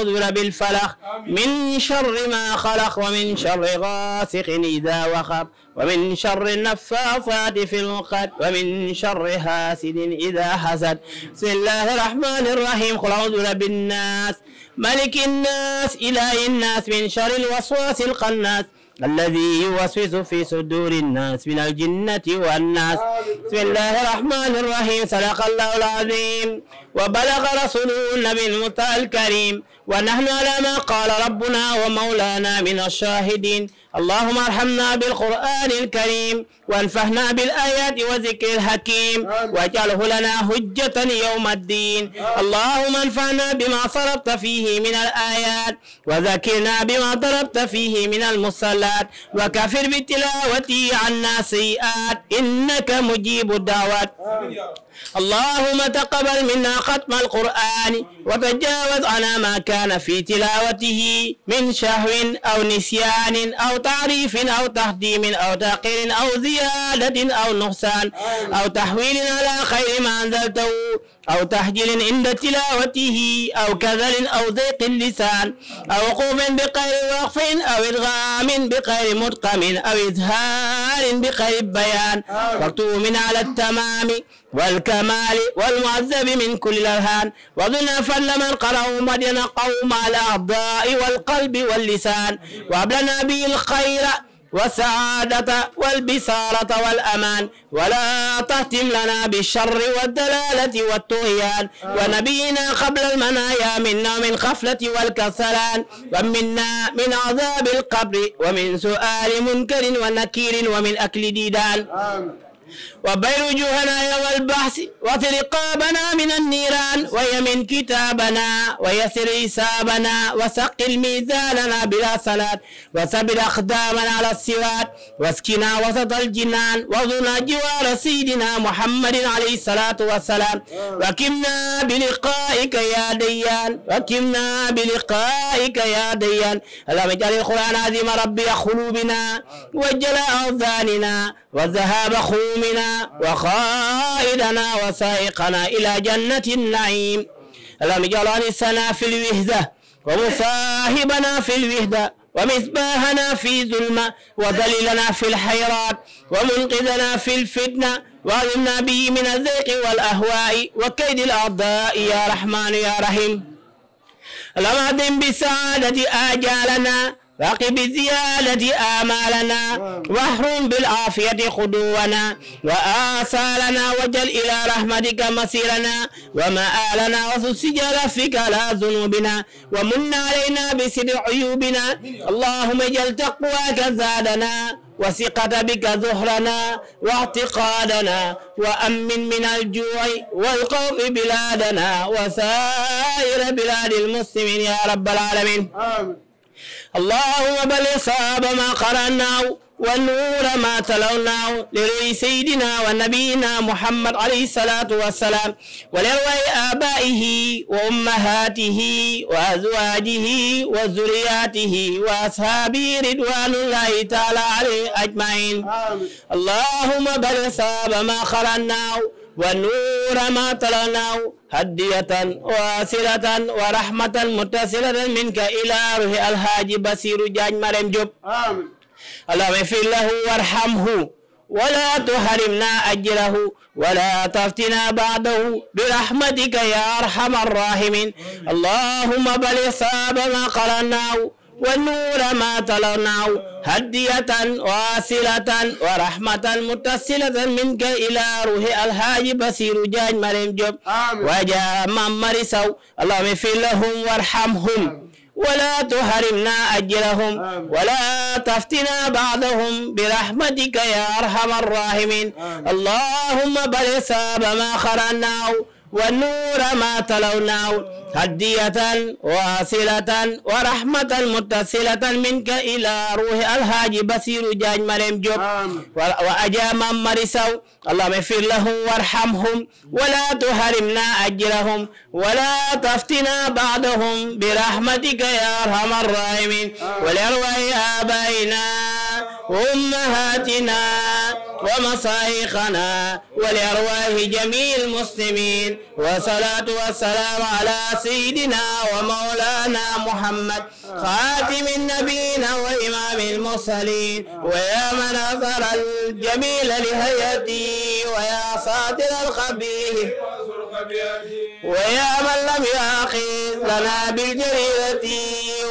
أعوذ بالفلق من شر ما خلق ومن شر غاسق إذا وخب ومن شر النفاثات في القد ومن شر حاسد إذا حسد بسم الله الرحمن الرحيم قل أعوذ برب الناس ملك الناس إله الناس من شر الوسواس القناس الذي يوسوس في صدور الناس من الجنة والناس بسم الله الرحمن الرحيم صدق الله العظيم وبلغ رسوله النبي المطهر الكريم ونحن على ما قال ربنا ومولانا من الشاهدين اللهم ارحمنا بالقرآن الكريم وانفهنا بالآيات وذكر الحكيم واجعله لنا حجة يوم الدين اللهم انفعنا بما صرفت فيه من الآيات وذكرنا بما ضربت فيه من المصلات وكفر بتلاوته عنا سيئات إنك مجيب الدعوات اللهم تقبل منا ختم القرآن وتجاوز عنا ما كان في تلاوته من شهو أو نسيان أو تعريف أو تهديم أو تقيل أو زيادة أو نقصان أو تحويل على خير ما أنزلته أو تحجيل عند تلاوته أو كذل أو ضيق اللسان أو وقوف بغير وقف أو إدغام بغير مدقم أو إزهار بغير بيان مكتوم على التمام والكمال والمعذب من كل الأذهان وظن فل من قرأوا مدين قوم على الأعضاء والقلب واللسان وأبلنا به الخير والسعادة والبصارة والأمان ولا تهتم لنا بالشر والدلالة والطغيان ونبينا قبل المنايا منا من خفلة والكسلان ومنا من عذاب القبر ومن سؤال منكر ونكير ومن أكل ديدان آمين. وبير جوهنا يوم البحث وترقابنا من النيران ويمن كتابنا ويسر حسابنا وثقل ميزاننا بلا صلاة وثبت أقدامنا على الصراط واسكنا وسط الجنان وظنا جوار سيدنا محمد عليه الصلاة والسلام وكمنا بلقائك يا ديان وكمنا بلقائك يا ديان اللهم اجعل القرآن عظيم ربي قلوبنا وجلاء أذاننا وذهاب خون مؤمنا وقائدنا وسائقنا إلى جنة النعيم اللهم اجعل أنسنا في الوهدة ومصاحبنا في الوهدة ومصباحنا في ظلمة ودليلنا في الحيرات ومنقذنا في الفتنة وعلمنا به من الذيق والأهواء وكيد الأعضاء يا رحمن يا رحيم اللهم أدم بسعادة آجالنا وقب الزيادة آمالنا واحرم بالعافية خدونا وآصالنا وجل إلى رحمتك مسيرنا ومآلنا وسجل فيك لا ذنوبنا ومن علينا بسر عيوبنا اللهم اجعل تقواك زادنا وثقة بك ظهرنا واعتقادنا وأمن من الجوع والخوف بلادنا وسائر بلاد المسلمين يا رب العالمين آمين اللهم بلغ صواب ما قرأناه والنور ما تلوناه لرؤي سيدنا ونبينا محمد عليه الصلاة والسلام ولرؤي آبائه وأمهاته وأزواجه وذرياته وأصحابه رضوان الله تعالى عليه أجمعين آمين. اللهم بلغ صواب ما قرأناه والنور ما طلعناه هدية واصلة ورحمة متصلة منك إلى روح الحاج بصير جاج مريم جوب آمين اللهم اغفر له وارحمه ولا تحرمنا أجره ولا تفتنا بعده برحمتك يا أرحم الراحمين اللهم بلغ ثواب ما قرناه والنور ما تلوناه هدية واصلة ورحمة متصلة منك إلى روح الحاج بصير جاج مريم جب وجاء من مرسوا اللهم اغفر لهم وارحمهم ولا تحرمنا أجرهم ولا تفتنا بعضهم برحمتك يا أرحم الراحمين اللهم بل صاب ما خرناه والنور ما تلوناه هدية واصلة ورحمة متصلة منك إلى روح الهاج بصير جاج مريم جوب وأجاما مرسوا اللهم اغفر لهم وارحمهم ولا تحرمنا أجرهم ولا تفتنا بعدهم برحمتك يا أرحم الراحمين ولأرواح آبائنا وأمهاتنا ومصايخنا ولأرواح جميع المسلمين والصلاة والسلام على سيدنا ومولانا محمد خاتم النبيين وإمام المرسلين ويا من أثر الجميل لهيئته ويا صادر الخبيث ويا من لم يعقل لنا بالجريرة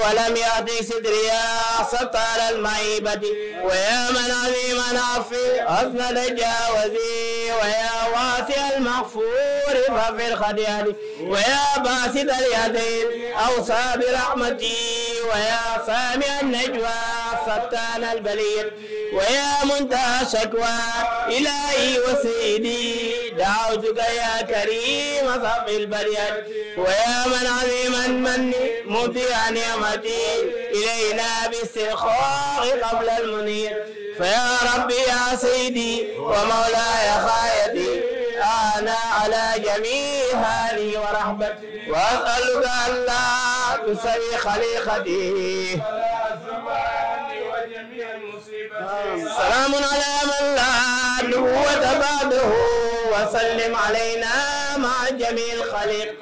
ولم يعطي ستريا سطر المعيبة ويا من عظيم عفي أثنى تجاوزي ويا واسع المغفور ففي الخديان ويا باسط اليدين أوصى برحمتي ويا فامع النجوى فتان البليد ويا منتهى الشكوى إلهي وسيدي دعوتك يا كريم صف البريد ويا من عظيما مني مبديا نعمتي إلينا باسترخاء قبل المنير فيا ربي يا سيدي ومولاي خير وسعنا على جميع هذه ورحمته وأسألك ألا تسوي خليقتي سلام على من لا نبوة بعده وسلم علينا مع جميع الخليق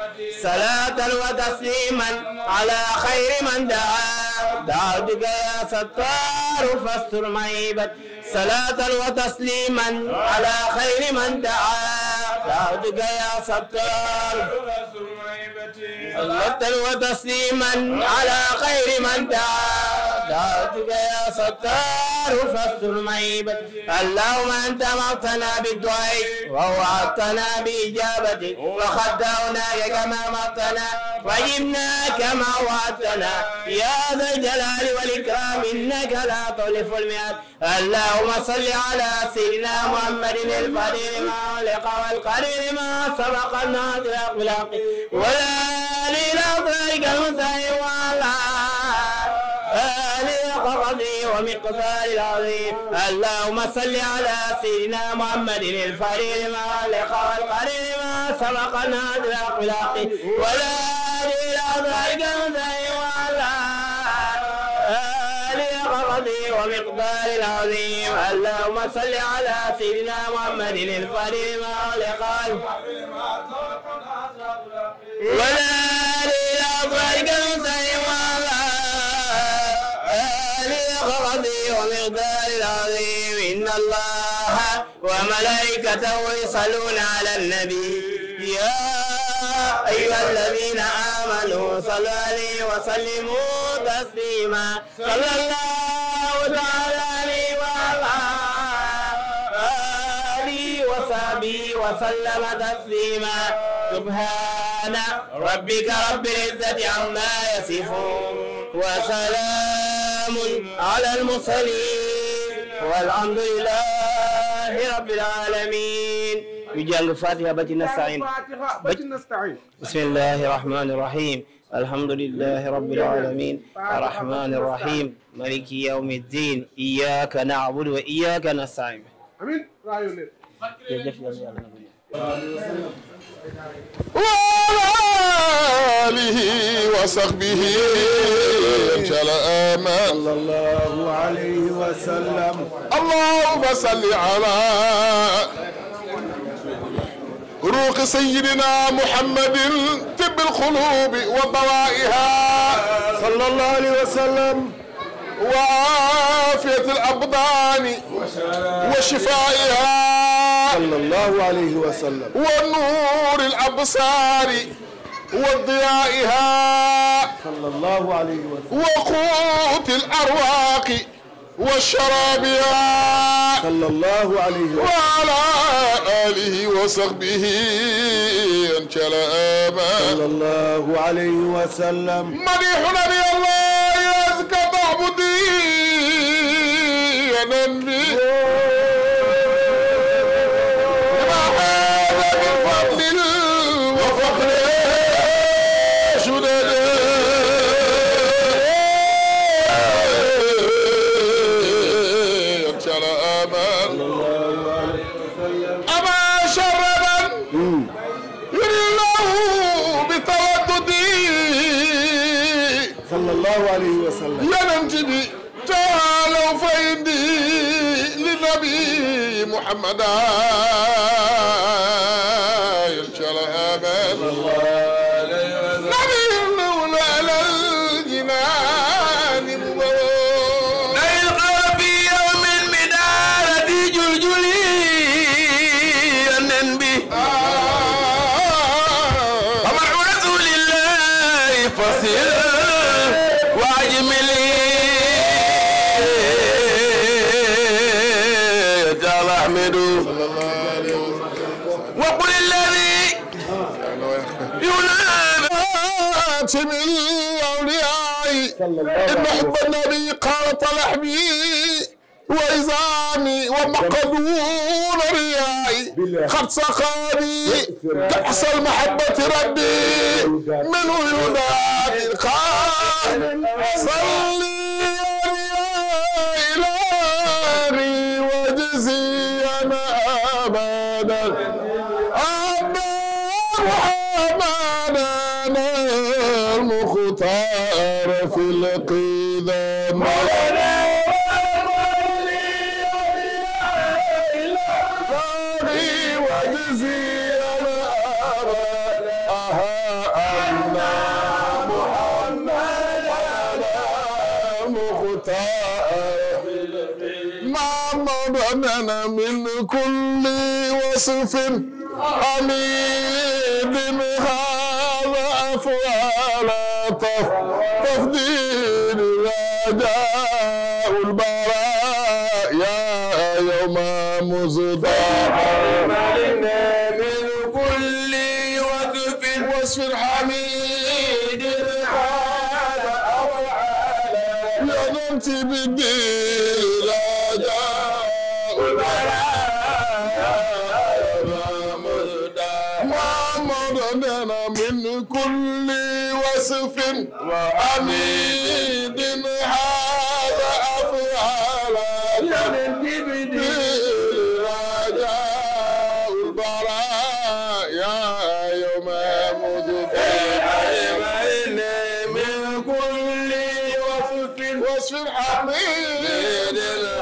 صلاة وتسليما على خير من دعا دعوتك يا ستار فاستر معيبت صلاة وتسليما على خير من دعا دعوتك يا ستار صلاة وتسليما على خير من دعا دعوتك يا ستار فاستر ميبتي اللهم انت مرتنا بالدعاء ووعدتنا باجابتك وخدعناك كما مرتنا وجبنا كما وعدتنا يا ذا الجلال والإكرام إنك لا تخلف الميعاد اللهم صل على سيدنا محمد الفضيل ما أغلق والقليل ما سبق الناصر بالحق والآل إلى ذلك المسائل وعلى آله ومقدار العظيم اللهم صل على سيدنا محمد الفريد ما أغلق والقليل ما سبق الناصر بالحق والآل ومقدار العظيم اللهم صل على سيدنا محمد الفريم والقلب ولا للأفراد المسلم ومقدار العظيم إن الله وملائكته يصلون على النبي يا أيها الذين آمنوا صلوا عليه وسلموا تسليما صلى الله تعالى عليه وعلى آله وصحبه وسلم تسليما سبحان ربك رب العزة عما يصفون وسلام على المرسلين والحمد لله رب العالمين ñu jàng fatiha ba ci nastain bismillahi rahmani rahim alhamdulillahi rabbil alamin arrahmani rahim maliki yawmi ddin iyaka na'budu wa iyaka nastain amin وآله وصحبه جل آمان صلى الله عليه وسلم اللهم صل على روق سيدنا محمد طب القلوب ودوائها صلى الله عليه وسلم وعافية الأبدان وشفائها صلى الله عليه وسلم ونور الأبصار وضيائها صلى الله عليه وسلم وقوت الأرواق وشرابها صلى الله عليه وسلم وعلى آله وصحبه أنشل آبا صلى الله عليه وسلم مديح نبي الله يزكى تعبدي ونبي sallallahu alayhi wa sallam yonent bi taalaw fa indi li nabi muhammadan ينادى خاتم الأولياء إن حب النبي قال لحمي وإزامي ومقدون رياي قد سقاني كأس المحبة ربي من ينادي قال صلي وصف حميد هذا أفوال تفضيل رجاء البرايا يوم مزدحم من كل وقف وصف حميد هذا أفوال يا نمت بالدين وعميد هذا أفعال جبدي رجاء البرايا يوم مذبح من كل وصف وصف حميد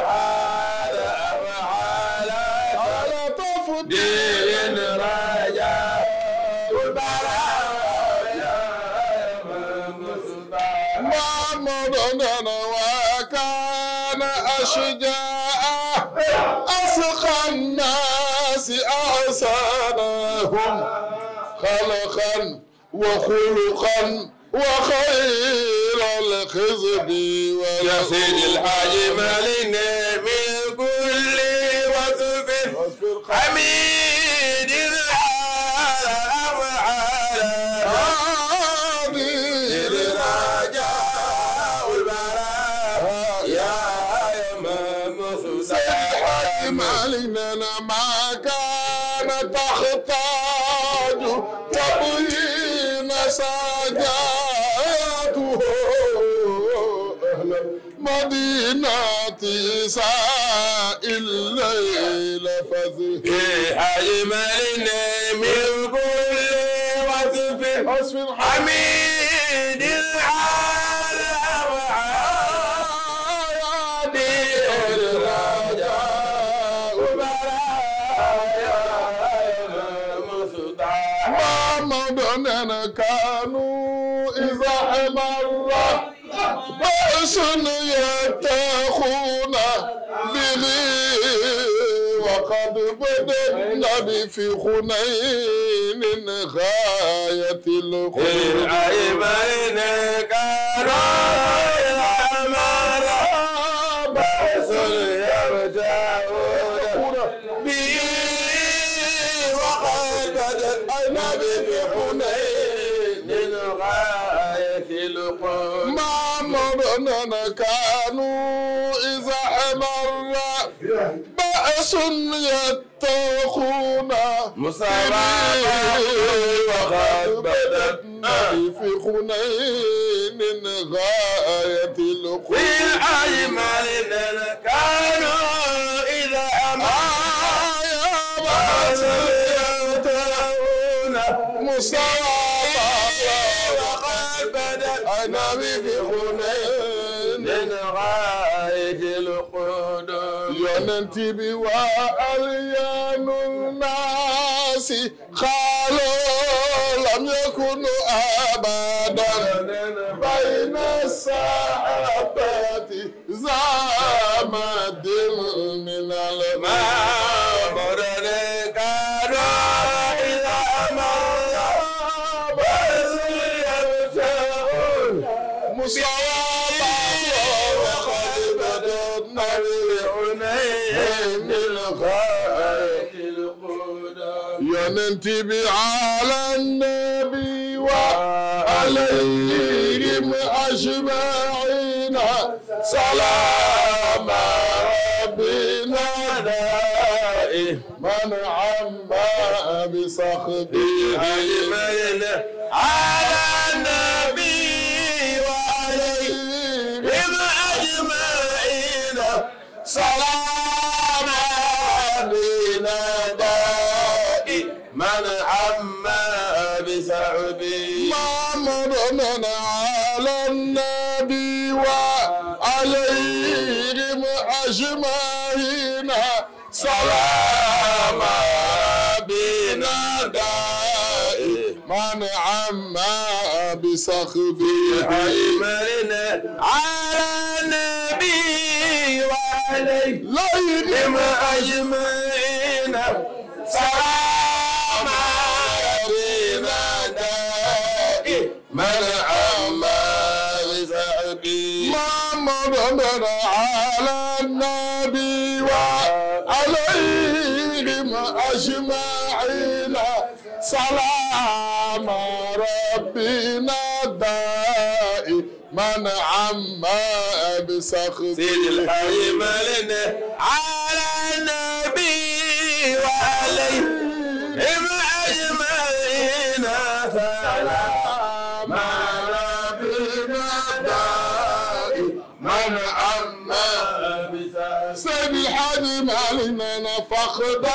هذا أفعال على طفل رجاء البرايا شجاعة أسقى الناس أحسنهم خلقا وخلقا وخير الخزب يا سيدي الحاج مالنا من كل وصف حميد سجاته أهل المدينة سائل الليل فزه أجمل من كل وصف حميد الغالي في خنين غاية الخير عيبين كرامة أناس يتقون مسامعة وقد بدت في خنين غاية الخلق في الأيمان كانوا إذا أمروا يا مسامعة الجنة وأليان الناس قالوا لم يكن أبدا بين الصحابة زامد العنين الخير يننت على النبي وعليهم أجمعين سلام ربنا دائم من عم بصخبه الميله صخبي عمرنا على النبي وعليه لا يدم أجمعين سلام ربنا من عمار سعدي ما مضمر على النبي وعليهم أجمعين سلام ربي عما أبسخت سيد الحي ملنا على النبي وعليهم أجمعين سلام ربنا دائما عما سيد الحي ملنا فاخضرت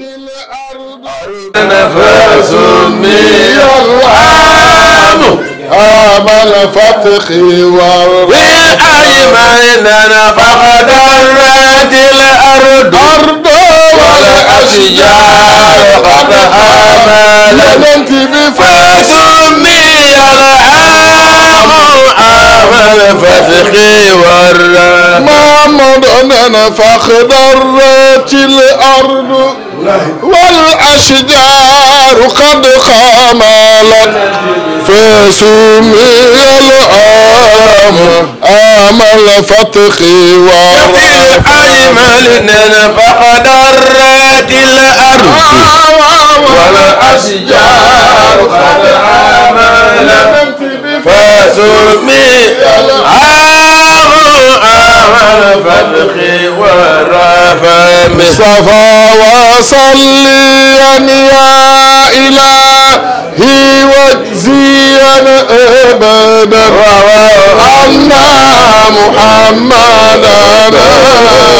الأرض نفس من الله عام الفتح وأيماننا فاخضرت الأرض أرض والأشجار قد حملت بفاسد الفتح والرا محمد فاخضرت الارض والاشجار قد قاملت فسمي العام عام الفتح والرا اجمل فاخضرت الارض والاشجار قد عاملت فسمي العام عام الفتح والرفع مصطفى وصليا يا إلهي واجزيا أبدا عنا محمدا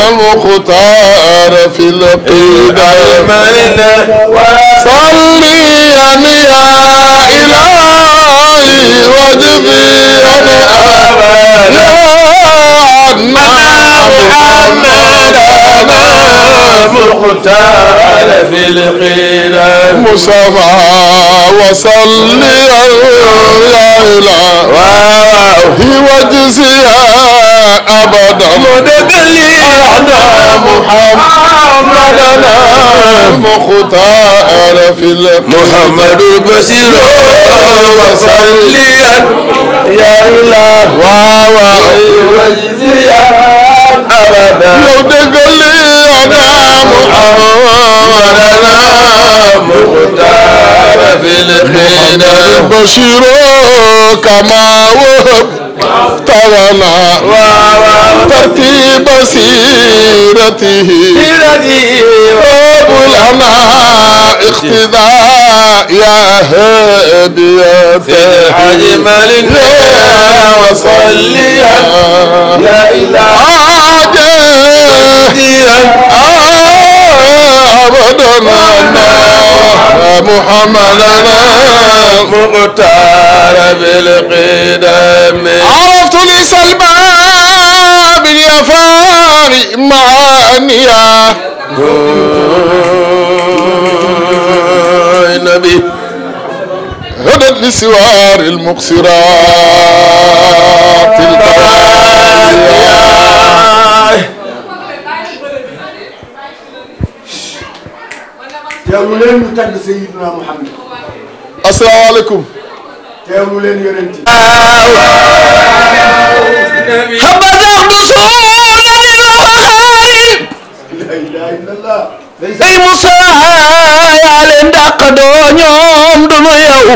المختار في القدم صليا يا إلهي وجبي أنا أبدا أنا محمد أنا مختار في القيل مصطفى وصلي الله وجزيه أبدا مددا لنا محمدنا مختار في محمد بشير وصليا يا إله ووجزيا أبدا مددا لنا محمدنا مختار في الخير بشير كما وهب طالما ترتيب سيرته باب لنا اقتداء يا هادية عجم لله وصليا يا إله عاجيا أبدنا محمدا مختار بالقدم عرفت ليس الباب اليفاني معانيا النبي غدت لسوار المقصرات البرانيا teewlu leen ñu tagg Seydina Muhammad. asalaamaaleykum. teewlu leen yonent day Moussa yaa leen dàq doo ñoom dunu yow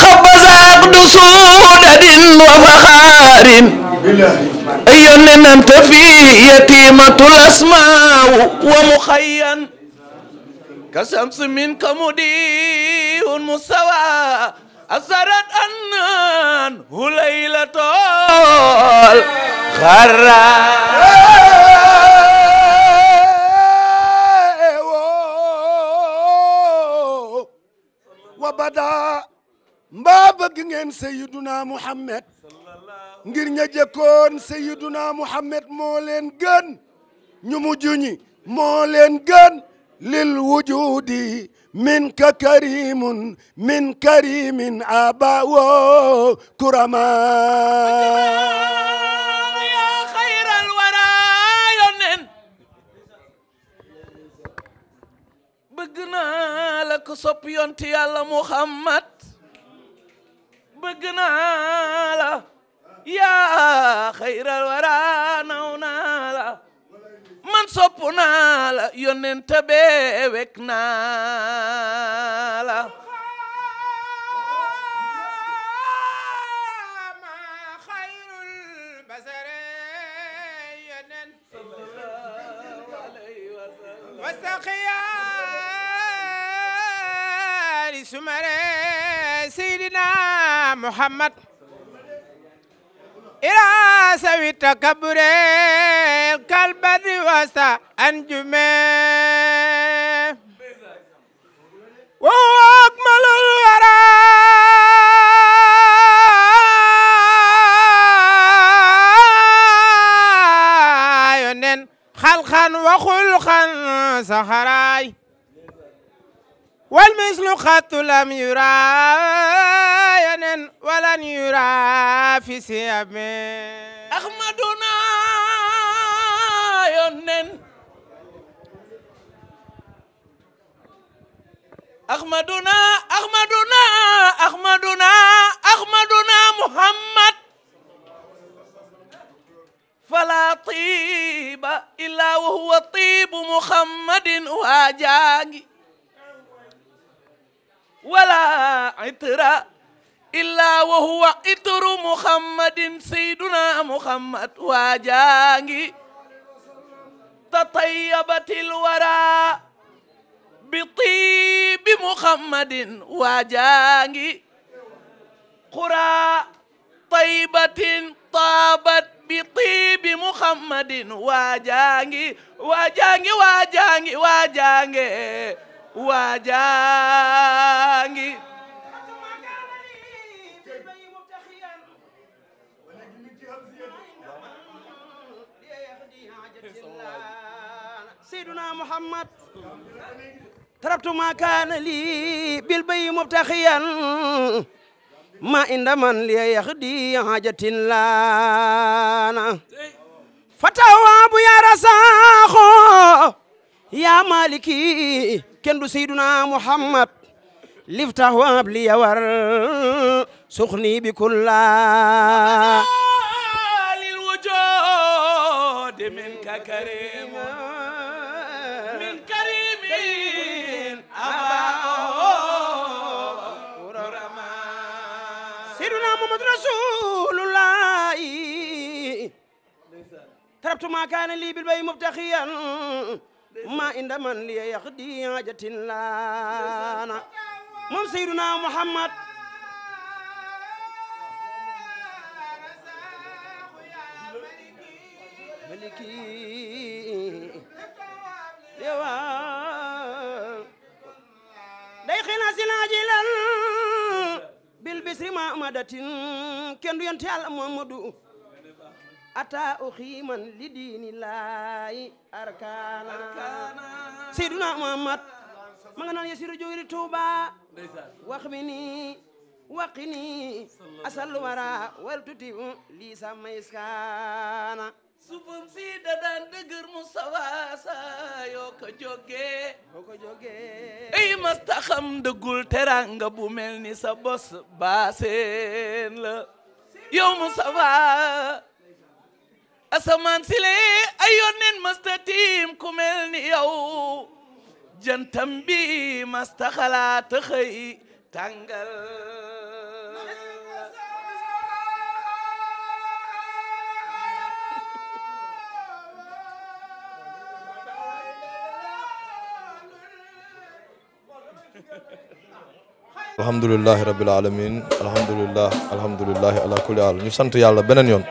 xabasaak du suudadin wa faxaarin ay yonenante fi yatimatul asmaaw wa muxayyan كشمس من كمدي مستوى أسرت أنان ليلة الخراب wabada mbaa bëgg ngeen sayiduna muhammad ngir ña jëkkoon sayiduna muhammad moo gën ñu mujj ñi moo leen gën lil wujudi minka karimun min karimin aba wo kurama ya xayral wara yonen bëgg naa la ko sopp yonti yàlla muhammad bëgg naa la ya xayral wara naw naa la man soppu naa la yonent bee wekk naa la wasaqiyaari sumare seydina muhammad إلى سوي تكبر كالبر وسا أنجمه وهو أكمل الورى ينن خلقا وخلقا سهراي والمثل قد لم يرى yenen walan yura fi siyame ahmaduna yonen ahmaduna ahmaduna ahmaduna ahmaduna muhammad fala tiba illa wa huwa tibu muhammadin wajaagi wala itra illaa wa huwa itru muhammadin sayyiduna muhammad waajaangi tatayyabatil wara bi tiibi muhammadin waajaangi qura taybatin taabat bi tiibi muhammadin waajaangi waajaangi waajaangi waajaangi waajaangi sayyiduna muhammad kaana li bil bayi mubtaxiyan inda man li hajatin laana fatawaabu ya ya maliki ken du muhammad liftax waab li yawar suxni wajadtu ma kaana lii bil bay mubtaxiyan ma inda man li yaxdi hajatin laana moom sayyiduna muhammad maliki yawa day xina sinajilan bil bisri ma amadatin kenn du yonte yàlla Muhammadu ataa uxiiman li diini arkaana seyduna muhammad ma nga naan yasiru jógiri tuuba wax mi nii waqi nii asal wara wal tuti um lii sama iskaana supam si dadaan dëgër mu sawaasa yoo ko jógee yoo mastaxam dëggul teranga bu mel ni sa bos baaseen la yow mu sawa asamaan si lee ay yónneen ku mel ni yow jantam bi masta xalaat xëy tàngal alhamdulilahi rabbil alamin alhamdulilah alhamdulilahi ala kulli haal ñu sant yàlla beneen yoon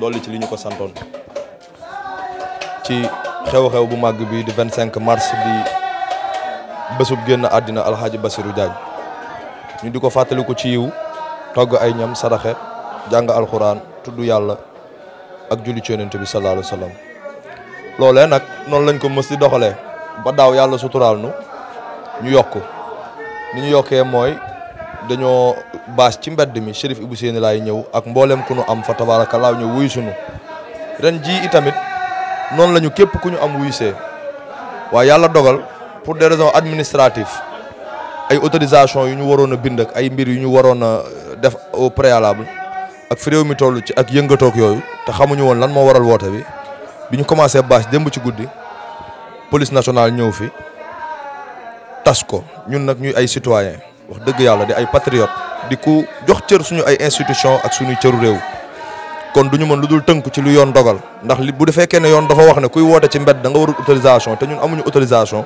dolli ci li ñu ko santoon ci xew-xew bu màgg bi di 25 mars bi bésub génn àddina alxaaji Bassirou Diagne ñu di ko fàttaliku ci yiw togg ay ñam saraxe jàng alxuraan tudd yàlla ak julli ci yonent bi sallallahu alayhi wa nag noonu lañ ko mës di doxalee ba daaw yàlla suturaal nu ñu yokk ni ñu yokkee mooy dañoo baas ci mbedd mi Chérif Ibou Seyni laay ñëw ak mboolem ku ñu am fa tabaarakallaa ñëw wuyu sunu ren jii itamit noonu la ñu képp ku ñu am wuyusee waaye yàlla dogal pour des raisons administratives ay autorisation yu ñu waroon a bind ay mbir yu ñu waroon a euh, def au préalable ak fi réew mi ci ak yëngatoog yooyu te xamuñu woon lan moo waral woote bi bi ñu commencé bâche démb ci guddi police nationale ñëw fi tas ko ñun nag ñuy ay citoyen wax dëgg yàlla di ay patriote di ku jox cër suñu ay institution ak suñu cëru réew kon du ñu mën lu dul tënk ci lu yoon dogal ndax li bu defekkee ne yoon dafa wax ne kuy woote ci mbedd da nga warul autorisation te ñun amuñu autorisation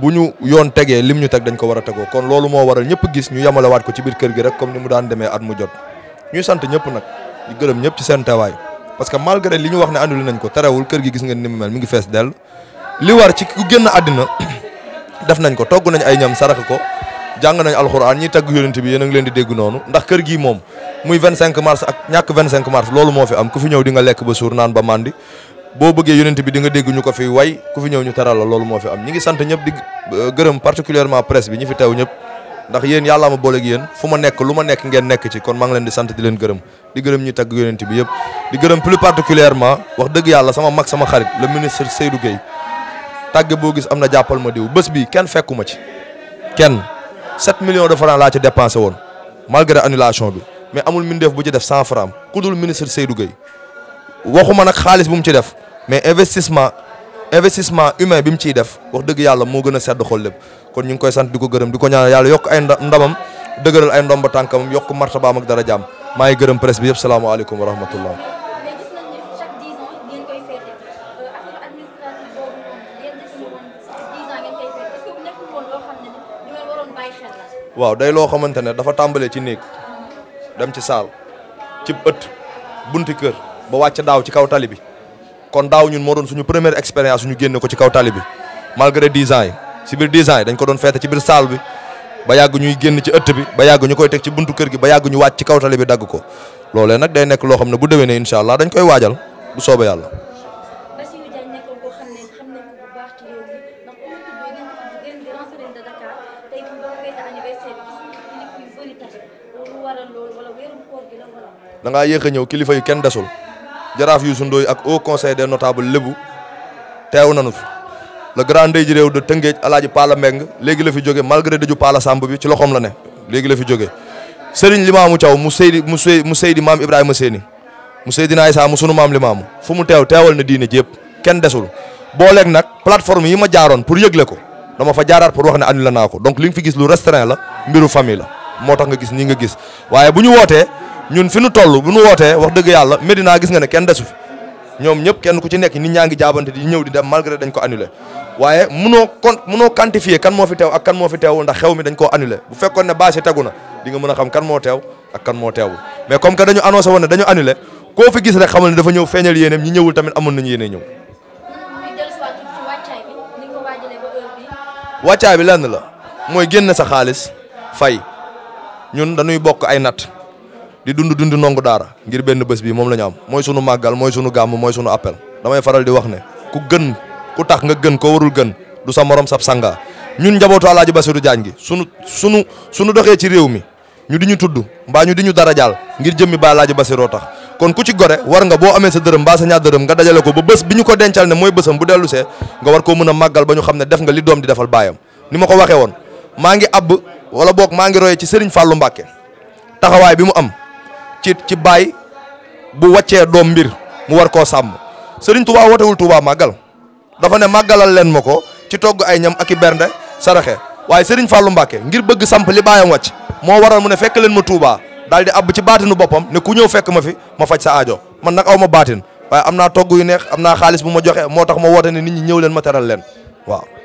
bu ñu yoon tegee lim ñu teg dañ ko war a tegoo kon loolu moo waral ñëpp gis ñu yamalewaat ko ci biir kër gi rek comme ni mu daan demee at mu jot ñuy sant ñëpp nag di gërëm ñëpp ci seen teewaay parce que malgré li ñu wax ne annulé nañ ko terewul kër gi gis ngeen ni mu mel mi ngi fees li war ci ku génn àddina def nañ ko togg nañ ay ñam sarax ko jàng nañ alxuraan ñi tagg yonent bi yéen a ngi leen di dégg noonu ndax kër gii moom muy 25 mars ak ñàkk 25 mars loolu moo fi am fi ñëw lekk ba suur naan ba màndi boo bëggee nga dégg ko fi way ku fi ñëw ñu teral loolu moo fi am ñi ngi sant ñëpp di euh, gërëm particulièrement presse bi ñi fi teew ñëpp ndax yéen yàllaa ma yéen fu ma nekk lu ma nekk ngeen nekk ci kon maa ngi leen sant leen gërëm di gërëm ñi tagg yonent bi yëpp di gërëm plus particulièrement wax dëgg yàlla sama mag sama xarit le ministre Seydou Gueye tàgge boo gis am na jàppal ma diw bés bi kenn fekku ma ci kenn 7 millions de francs laa ci dépensé woon malgré annulation bi mais amul mbindeef bu ci def 100 francs ku dul ministre Seydou Gueye waxuma nag xaalis bu mu ci def mais investissement investissement humain bi mu ciy def wax dëgg yàlla moo gën a sedd xol lépp kon ñu ngi koy sant di ko gërëm di ko ñaanal yàlla yokk ay ndamam dëgëral ay ndomba yokk martabaam ak dara jaam maa ngi gërëm presse bi yëpp salaamaaleykum wa rahmatullah waaw day loo xamante ne dafa tàmbalee ci néeg dem ci saal ci ëtt bunti kër ba wàcc daaw ci kaw tali bi kon daaw ñun moo doon suñu première expérience ñu génn ko ci kaw tali bi malgré dix ans yi si biir dix dañ ko doon feete ci biir saal bi ba yàgg ñuy génn ci ëtt bi ba yàgg ñu koy teg ci buntu kër gi ba yàgg ñu wàcc ci kaw tali bi dagg ko loolee nag day nekk loo xam ne bu déwénee incha allah dañ koy waajal bu soobee yàlla da ngaa yéex a ñëw kilifa yu kenn desul jaraaf Youssou Ndoye ak haut conseil des notables lébu teew nañu fi le grand ndey ji réew Tëngéej alaaji Paala Mbeng léegi la fi jóge malgré dëju Paala Samb bi ci loxoom la ne léegi la fi jóge Serigne li Thiaw mu seydi mu sey mu seydi maam Ibrahima Séni mu Seydina Issa mu sunu maam Limaamu fu mu teew teewal na diine jépp kenn desul booleeg nag plateforme yi ma jaaroon pour yëgle ko dama fa jaaraat pour wax ne annulé naa ko donc li nga fi gis lu restreint la mbiru famille la moo tax nga gis nii nga gis ñun fi nu toll bu nu wootee wax dëgg yàlla Medina gis nga ne kenn desu fi ñoom ñëpp kenn ku ci nekk ni ñaa ngi jaabante di ñëw di dem malgré dañ ko annulé waaye munoo kon munoo quantifier kan moo fi teew ak kan moo fi teewul ndax xew mi dañ ko annulé bu fekkoon ne bâche tegu na di nga mën a xam kan moo teew ak kan moo teewul mais comme que dañu annoncé woon ne dañu annulé koo fi gis rek xamal ne dafa ñëw feeñal yéeneem ñi ñëwul tamit amoon nañu yéene ñëw wàccaay bi lenn la mooy génn sa xaalis fay ñun dañuy bokk ay natt di dund dund ndongo daara ngir benn bés bi moom la ñu am mooy sunu màggal mooy sunu gàmm mooy sunu appel damay faral di wax ne ku gën ku tax nga gën ko warul gën du sa morom sab sanga ñun njabootu Alaaji Basiru Jaañ gi sunu sunu sunu doxee ci réew mi ñu di ñu tudd mbaa ñu di ñu dara jaal ngir jëmmi ba Alaaji Basiroo tax kon ku ci gore war nga boo amee sa dërëm mbaa sa ñaar dërëm nga dajale ko ba bés bi ñu ko dencal ne mooy bésam bu dellu see nga war koo mën a màggal ba ñu xam ne def nga li doom di defal baayam ni ma ko waxee woon maa ngi abb wala boog maa ngi royee ci Serigne Fallou Mbacke ci ci baay bu waccee doom mbir mu war koo sàmm Serigne Touba wootewul Touba màggal dafa ne màggalal leen ma ko ci togg ay ñam ak i bernde saraxe waaye Serigne Fallou Mbacke ngir bëgg samp li baayam wacc moo waral mu ne fekk leen ma Touba daal di àbb baat nu boppam ne ku ñëw fekk ma fi ma faj sa ajo man nag aw ma baatin waaye am naa togg yu neex am naa xaalis bu ma joxe moo tax ma woote ne nit ñi ñëw leen ma teral leen waaw.